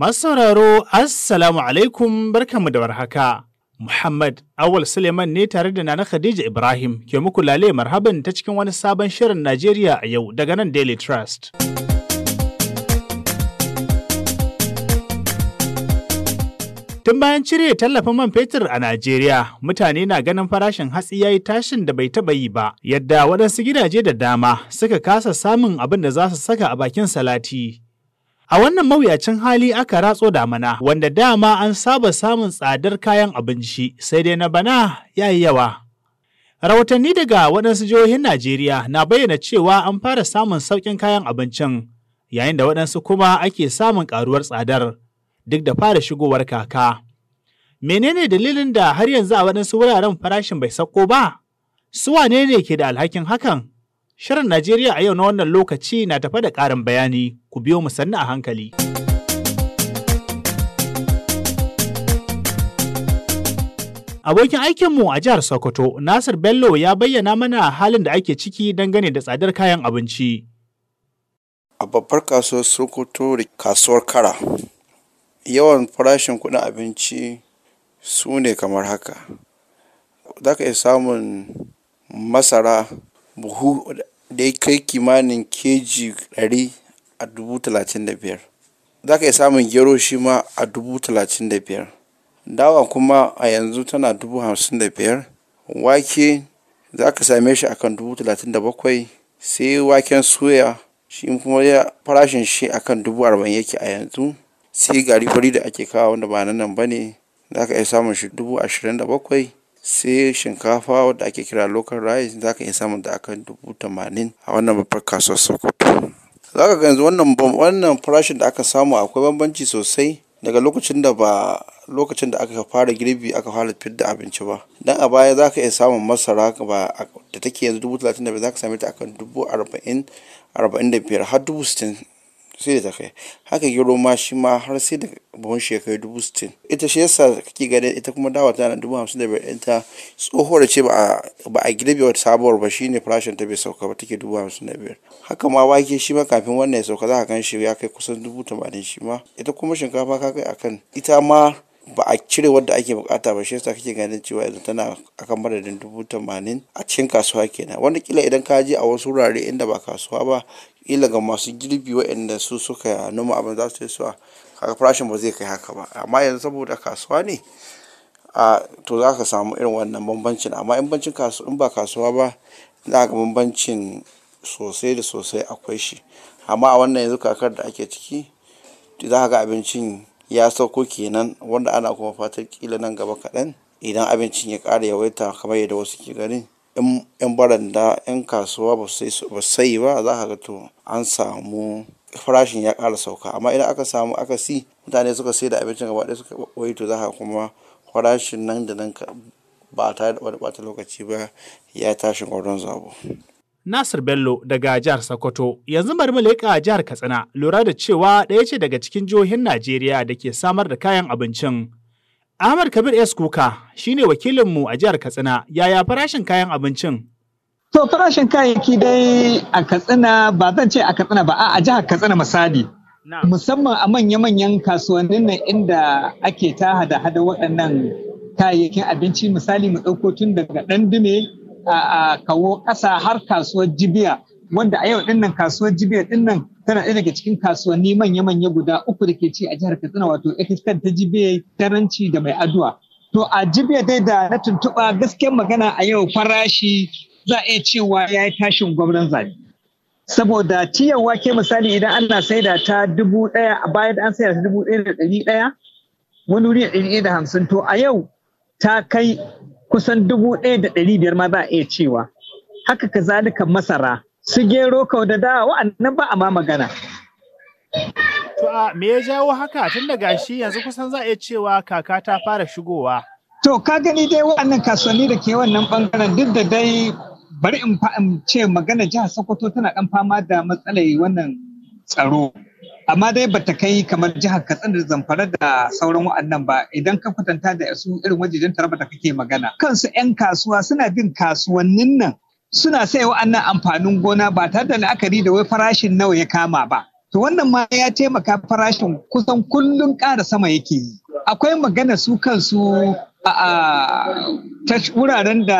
Masu sauraro, Assalamu alaikum barkanmu da warhaka. Muhammad Awal Suleiman ne tare da Nana Khadija Ibrahim ke muku lale marhaban ta cikin wani sabon shirin Najeriya a yau daga nan Daily Trust. Tun bayan cire tallafin man fetur a Najeriya, mutane na ganin farashin hatsi ya yi tashin da bai taɓa yi ba, yadda waɗansu gidaje da dama suka kasa samun abin da za su saka a bakin salati. A wannan mawuyacin hali aka ratso damana wanda dama an saba samun tsadar kayan abinci sai dai na bana ya yi yawa. Rahotanni daga waɗansu jihohin Najeriya na bayyana cewa an fara samun sauƙin kayan abincin yayin da waɗansu kuma ake samun ƙaruwar tsadar duk da fara shigowar kaka. Menene dalilin da har yanzu a waɗansu wuraren farashin bai sauko ba? Su wane ne ke da alhakin hakan? Shirin Najeriya a yau na wannan lokaci na tafa da ƙarin bayani, ku biyo mu sannu a hankali. Abokin aikinmu a jihar Sokoto, Nasir Bello ya bayyana mana halin da ake ciki dangane da tsadar kayan abinci. A babbar kasuwar Sokoto da kasuwar Kara, yawan farashin kuɗin abinci su ne kamar haka. Za ka iya samun masara buhu da ya kai kimanin keji ɗari a dubu talatin da biyar. Za ka iya samun gero shi ma a dubu talatin da biyar. Dawa kuma a yanzu tana dubu hamsin da biyar. Wake za ka same shi a kan dubu talatin da bakwai. Sai waken soya shi kuma farashin shi a kan dubu arba'in yake a yanzu. Sai gari fari da ake kawo wanda ba na nan ba ne za ka iya samun shi dubu ashirin da bakwai. sai shinkafa wadda ake kira local rice za ka iya samun da akan dubu tamanin a wannan babbar kasuwar Sokoto. Za ka ga yanzu wannan wannan farashin da aka samu akwai bambanci sosai daga lokacin da ba lokacin da aka fara girbi aka fara da abinci ba dan a baya za ka iya samun masara ba da take yanzu dubu talatin da za ka same ta akan dubu arba'in arba'in da biyar har dubu sittin sai da ta kai haka gero ma shi ma har sai da buhun shekaru dubu sittin ita shi yasa kake ganin ita kuma dawa tana dubu hamsin da biyar ta tsohuwar ce ba a girbe wata sabuwar ba shine farashin ta bai sauka ba take dubu hamsin da biyar haka ma wake shi ma kafin wannan ya sauka za a gan shi ya kai kusan dubu tamanin shi ma ita kuma shinkafa ka kai akan ita ma ba a cire wadda ake bukata ba shi yasa kake ganin cewa yanzu tana akan madadin dubu tamanin a cikin kasuwa kenan wanda kila idan ka je a wasu wurare inda ba kasuwa ba kila ga masu girbi waɗanda su suka noma abin za su yi suwa kaga farashin ba zai kai haka ba amma yanzu saboda kasuwa ne a to za ka samu irin wannan bambancin amma in bancin in ba kasuwa ba za ga bambancin sosai da sosai akwai shi amma a wannan yanzu kakar da ake ciki za ka ga abincin ya sauko kenan wanda ana kuma fatar kila nan gaba kaɗan idan abincin ya ƙara yawaita kamar yadda wasu ke ganin yan baranda yan kasuwa ba su sai ba za ka ga to an samu farashin ya ƙara sauka amma idan aka samu aka si mutane suka sai da abincin gaba ɗaya suka ɓoye to za ka kuma farashin nan da nan ba tare da ɓata lokaci ba ya tashi gwaron zabo Nasir Bello daga jihar Sokoto. Yanzu bari mu jihar Katsina lura da cewa ɗaya ce daga cikin jihohin Najeriya da ke samar da kayan abincin. Ahmad Kabir S. Kuka shi ne wakilinmu a jihar Katsina. Yaya farashin kayan abincin? To farashin kayayyaki dai a Katsina ba zan ce a Katsina ba a jihar Katsina misali. Musamman a manya-manyan kasuwannin nan inda ake ta hada-hada waɗannan kayayyakin abinci misali mu ɗauko tun daga ɗan dume kawo ƙasa har kasuwar jibiya wanda a yau dinnan kasuwar jibiya dinnan tana ɗaya daga cikin kasuwanni manya-manya guda uku da ke ci a jihar katsina wato ekistan ta jibiya taranci da mai aduwa to a jibiya dai da na tuntuɓa gaskiyar magana a yau farashi za a iya cewa ya yi tashin gwamnan zabi saboda tiyar wake misali idan ana saida ta dubu ɗaya a bayan an saida ta dubu ɗaya da ɗari ɗaya wani wuri ɗari ɗaya da hamsin to a yau ta kai kusan dubu ɗaya da ɗari biyar ma za a iya cewa haka ka zalika masara su gero kau da dawa wa'annan ba a ma magana To a me ya jawo haka tun da gashi yanzu kusan za a iya cewa kaka ta fara shigowa. To ka gani dai waɗannan kasuwanni da ke wannan bangaren duk da dai bari in ce magana jihar Sokoto tana ɗan fama da matsalar wannan tsaro. amma dai bata kai kamar jihar katsina da zamfara da sauran wa'annan ba idan ka kwatanta da su irin wajejen taraba da kake magana kansu 'yan kasuwa suna bin kasuwannin nan suna sai wa'annan amfanin gona ba tare da la'akari da wai farashin nawa ya kama ba to wannan ma ya taimaka farashin kusan kullun ƙara sama yake yi akwai magana su kansu a wuraren da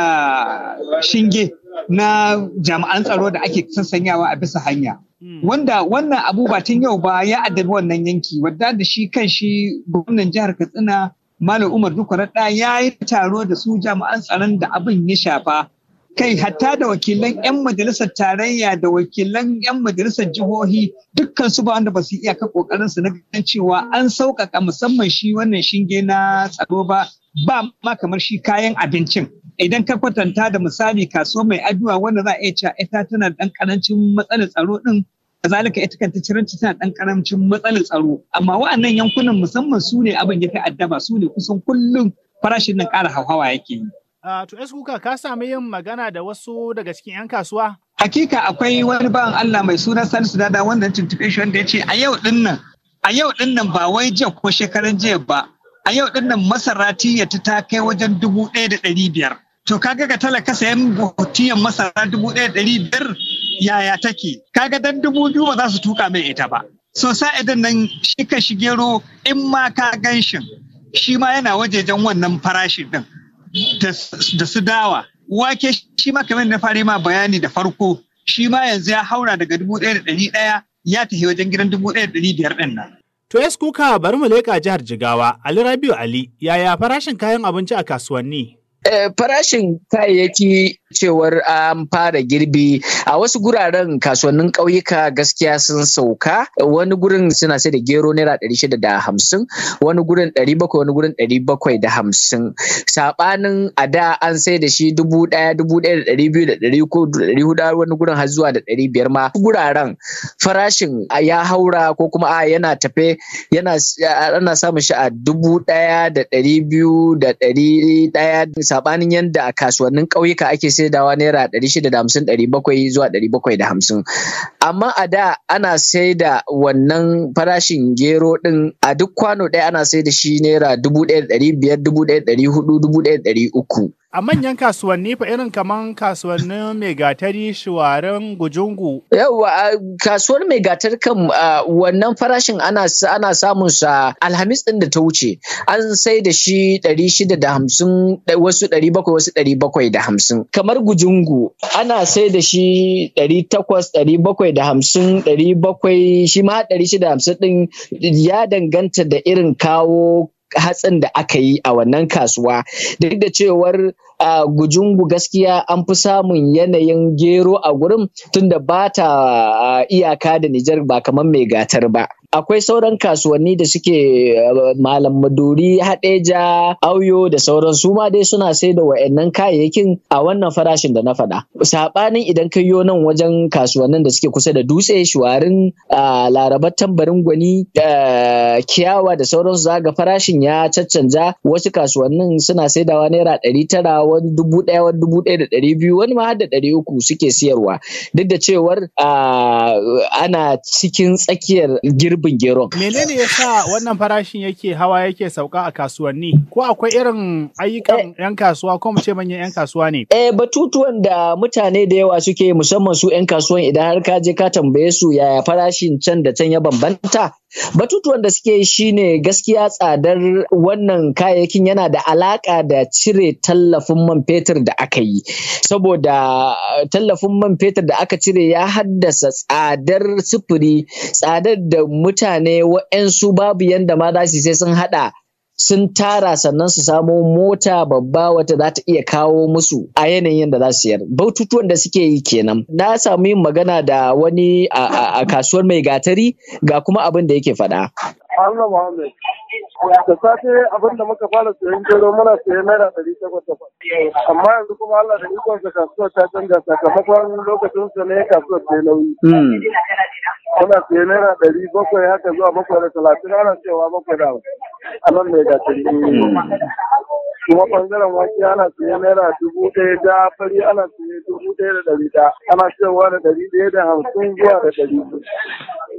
shinge na jami'an tsaro da ake sassanyawa a bisa hanya. Hmm. Wanda wannan abu ba tun yau ba ya addabi wannan yanki wadda da shi kan shi gwamnan jihar Katsina Malam Umar Dukwarar ya yi taro da su jami'an tsaron da abin ya shafa kai hatta da wakilan 'yan majalisar tarayya da wakilan 'yan majalisar jihohi dukkan su ba wanda ba su ka kokarin su na ganin cewa an sauƙaƙa musamman shi wannan shinge na tsaro ba ba ma kamar shi kayan abincin idan ka kwatanta da misali kasuwar mai aduwa wanda za a iya cewa ita tana dan karancin matsalar tsaro din kazalika ita kanta ciranci tana dan karancin matsalar tsaro amma wa'annan yankunan musamman su ne abin ya fi addaba su ne kusan kullum farashin nan ƙara hawa yake yi. to es kuka ka sami yin magana da wasu daga cikin 'yan kasuwa? Hakika akwai wani bawan Allah mai suna Salisu Dada wanda tuntuɓe shi wanda ya ce a yau din nan a yau din nan ba wai jiya ko shekaran jiya ba a yau din nan masarati ya ta kai wajen dubu ɗaya da ɗari biyar. to kaga ka talaka sayan buhutiyan masara dubu ɗaya ɗari biyar yaya take kaga dan dubu biyu ba za su tuka mai ita ba so idan nan shi ka gero in ma ka ganshin shi ma yana wajejen wannan farashi din da su dawa wake shi ma kamar na fari ma bayani da farko shi ma yanzu ya haura daga dubu ɗaya da ɗari ɗaya ya tafi wajen gidan dubu ɗaya da ɗari biyar ɗin To ya kuka bari mu leƙa jihar Jigawa Ali Rabiu Ali yaya farashin kayan abinci a kasuwanni? Eh, farashin kayayyaki cewar an fara girbi a wasu guraren kasuwannin ƙauyuka gaskiya sun sauka wani gurin suna sai da gero naira ɗari shida da hamsin wani gurin ɗari bakwai wani gurin ɗari bakwai da hamsin saɓanin a da an sai da shi dubu ɗaya dubu ɗaya da ɗari biyu da ɗari ko ɗari hudu wani gurin har zuwa da ɗari biyar ma guraren farashin ya haura ko kuma a yana tafe yana ana samun shi a dubu ɗaya da ɗari biyu da ɗari ɗaya sabanin yadda a kasuwannin ƙauyuka ake saidawa naira ɗari shida da hamsin ɗari bakwai zuwa ɗari bakwai da hamsin amma a da ana saida wannan farashin gero ɗin a duk kwano ɗaya ana saida shi naira dubu ɗaya da ɗari biyar dubu ɗaya da ɗari huɗu dubu ɗaya da ɗari uku a manyan kasuwanni fa irin kaman kasuwannin megatari shiwaren gujungu yawa kasuwar megatar kan wannan farashin ana ana samun sa alhamis din da ta wuce an sai da shi 650 wasu 700 wasu 750 kamar gujungu ana sai da shi 800 750 700 shi ma 650 din ya danganta da irin kawo hatsin da aka yi a wannan kasuwa duk da cewar a gujungu gaskiya an fi samun yanayin gero a gurin tunda ba ta iyaka da Nijar ba kamar mai gatar ba akwai sauran kasuwanni da suke eh, malam maduri Hadeja, auyo da sauran su ma dai suna sai da wa'annan kayayyakin a wannan farashin da na faɗa saɓanin idan kai yo nan wajen kasuwannin da suke kusa da dutse shuwarin ah, larabar tambarin gwani eh, kiyawa da sauran su zaga farashin ya caccanja wasu kasuwannin suna saidawa naira ɗari tara wani dubu ɗaya wani dubu ɗaya da ɗari biyu wani ma har da ɗari uku suke siyarwa duk da cewar ah, ana cikin tsakiyar girbi girbin geron. Menene ya sa wannan farashin yake hawa yake sauka a kasuwanni? Ko akwai irin ayyukan eh. 'yan kasuwa ko mu ce manyan 'yan kasuwa ne? Eh batutuwan da mutane da yawa suke musamman su 'yan kasuwan idan har ka je ka tambaye su yaya farashin can da can ya bambanta Batutuwan da suke yi ne gaskiya tsadar wannan kayayyakin yana da alaƙa da cire tallafin man fetur da aka yi, saboda eh, tallafin man fetur da aka cire ya haddasa tsadar sufuri, tsadar da mutane wa'yansu babu yadda ma za su sai sun haɗa sun tara sannan su samo mota babba wata za ta iya kawo musu a yanayin da za su sayar baututuwan da suke yi kenan na samu yin magana da wani a kasuwar mai gatari ga kuma abin da yake faɗa. Allah Muhammad. Da safe abin da muka fara sayan gero muna sayan naira ɗari takwas takwas. Amma yanzu kuma Allah da ikonsa kasuwar ta canza sakamakon lokacin sa ne kasuwar ta nauyi. Hmm. Muna sayan naira ɗari bakwai haka zuwa bakwai da talatin ana cewa bakwai da a nan mai kuma ɓangaren wake ana siye naira dubu ɗaya da fari ana siye dubu ɗaya da ɗari da ana siyarwa da ɗari ɗaya da hamsin zuwa da ɗari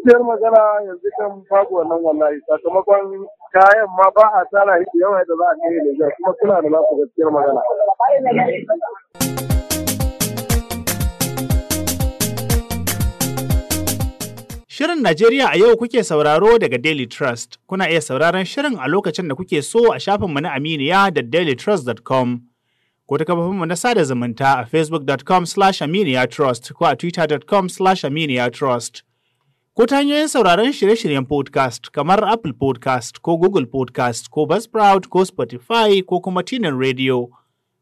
siyar magana yanzu kan babu wannan wallahi sakamakon kayan ma ba a tara shi yawa da za a kai da kuma suna da nasu gaskiyar magana. Shirin Najeriya a yau kuke sauraro daga Daily Trust. Kuna iya sauraron shirin a lokacin da kuke so a shafinmu na Aminiya da dailytrust.com. Ko ta mu na sada zumunta a facebook.com slash aminiya trust ko a twitter.com slash aminiya trust. Ko ta hanyoyin sauraron shirye-shiryen podcast kamar Apple podcast ko Google podcast ko Buzzsprout ko Spotify ko kuma Tinin Radio.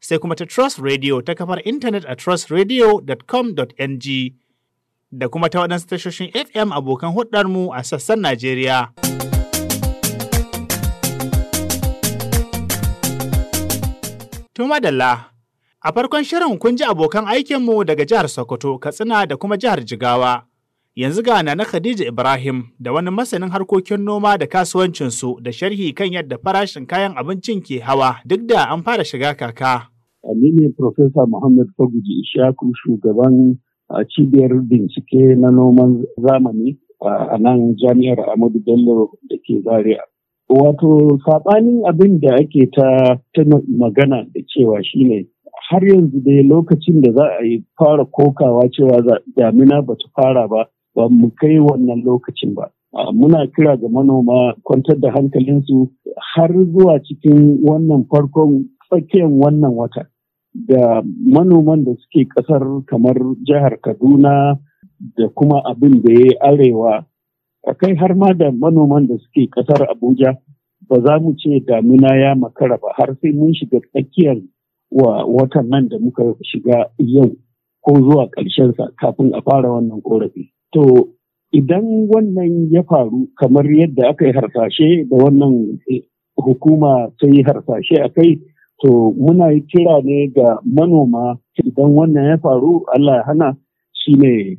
Sai kuma ta Trust Radio ta kafar intanet a trustradio.com.ng. da kuma ta waɗansu tashoshin FM abokan mu a sassan Najeriya. Tuma A farkon shirin kun ji abokan aikinmu daga jihar Sokoto, Katsina da kuma jihar Jigawa. Yanzu ga na Khadija Ibrahim da wani masanin harkokin noma da kasuwancinsu da sharhi kan yadda farashin kayan abincin ke hawa duk da an fara shiga kaka. Ni ne Profesa Muhammad Faguji Ishaku shugaban a cibiyar bincike na noman zamani a nan jami'ar Ahmadu Bello da ke Zaria. Wato saɓanin abin da ake ta magana da cewa shine har yanzu dai lokacin da za a yi fara kokawa cewa damina ba ta fara ba ba mu kai wannan lokacin ba. Muna kira ga manoma kwantar da hankalinsu har zuwa cikin wannan farkon tsakiyar wannan watan. da manoman da suke kasar kamar jihar kaduna da kuma abin da ya yi arewa kai har ma da manoman da suke kasar abuja ba za mu ce damina ya makara ba har sai mun shiga tsakiyar wa watan nan da muka shiga yau ko zuwa ƙarshensa kafin a fara wannan korafi to idan wannan ya faru kamar yadda aka yi harsashe da wannan hukuma ta yi harsashe a kai To muna yi kira ne ga manoma idan wannan ya faru Allah ya hana shi ne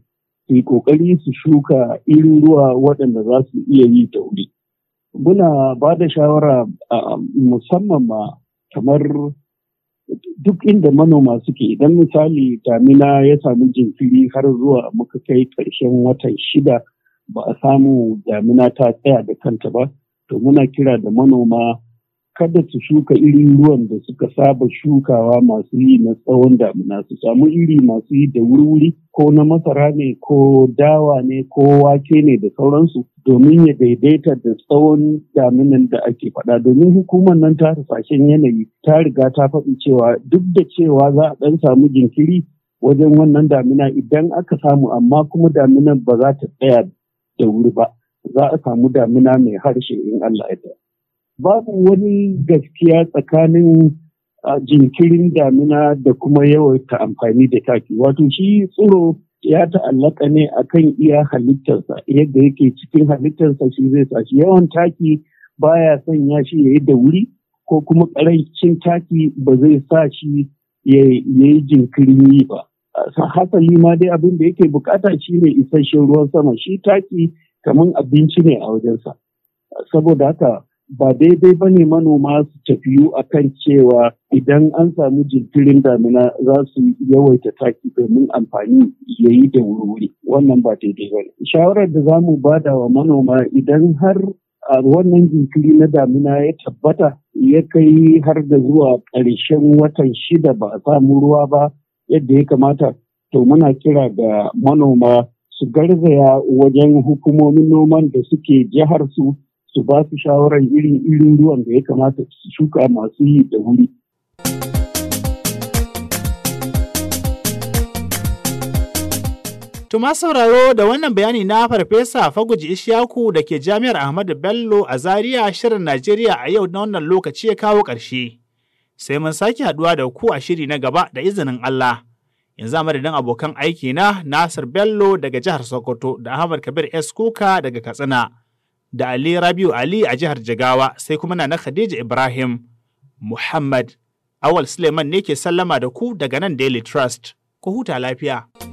su yi ƙoƙari su shuka irin ruwa waɗanda za su iya yi da wuri. Muna ba da shawara musamman ma kamar duk inda manoma suke idan misali damina ya samu jinkiri har zuwa muka kai ƙarshen watan shida ba a samu damina ta tsaya da kanta ba to muna kira da manoma kada su shuka irin ruwan da suka saba shukawa masu yi na tsawon damina su samu iri masu yi da wuri ko na masara ne ko dawa ne ko wake ne da sauransu domin ya daidaita da tsawon daminan da ake faɗa domin hukumar nan ta hasashen yanayi ta riga ta faɗi cewa duk da cewa za a ɗan samu jinkiri wajen wannan damina idan aka samu amma kuma daminan ba za ta tsaya da wuri ba za a samu damina mai harshe in Allah ya babu wani gaskiya tsakanin ah, jinkirin damina da kuma yawaita amfani da taki wato shi tsoro ya ta'allaka ne akan iya halittarsa yadda yake cikin halittarsa shi zai sa shi yawan taki baya sanya shi yayi da wuri ko kuma karancin taki ba zai sa shi ya yi jinkirin yi ba ah, hasali ma dai abin da yake bukata shi ne isasshen ruwan sama shi taki kamar abinci ne a wajensa saboda haka ba daidai ba ne manoma su tafiyu a kan cewa idan an samu jinkirin damina za su yawaita taki domin amfani ya yi da wuri wannan ba daidai ba ne. Shawarar da za mu ba da wa manoma idan har a wannan jinkiri na damina ya tabbata ya kai har da zuwa ƙarshen watan shida ba a samu ruwa ba yadda ya kamata to muna kira ga manoma su garzaya wajen hukumomin noman da suke jihar su su ba su shawarar irin irin ruwan da ya kamata su shuka masu yi da wuri. Tuma sauraro da wannan bayani na Farfesa Faguji Ishaku da ke Jami'ar Ahmadu Bello a Zaria Shirin Najeriya a yau na wannan lokaci ya kawo ƙarshe. Sai mun sake haɗuwa da ku a shiri na gaba da izinin Allah. Yanzu a madadin abokan aiki na Nasir Bello daga jihar Sokoto da Ahmad Kabir S. Kuka daga Katsina. da Ali Rabiu Ali a jihar Jigawa sai kuma na Khadija Ibrahim Muhammad Awal Suleiman ne ke sallama da ku daga nan Daily Trust. Ku huta lafiya.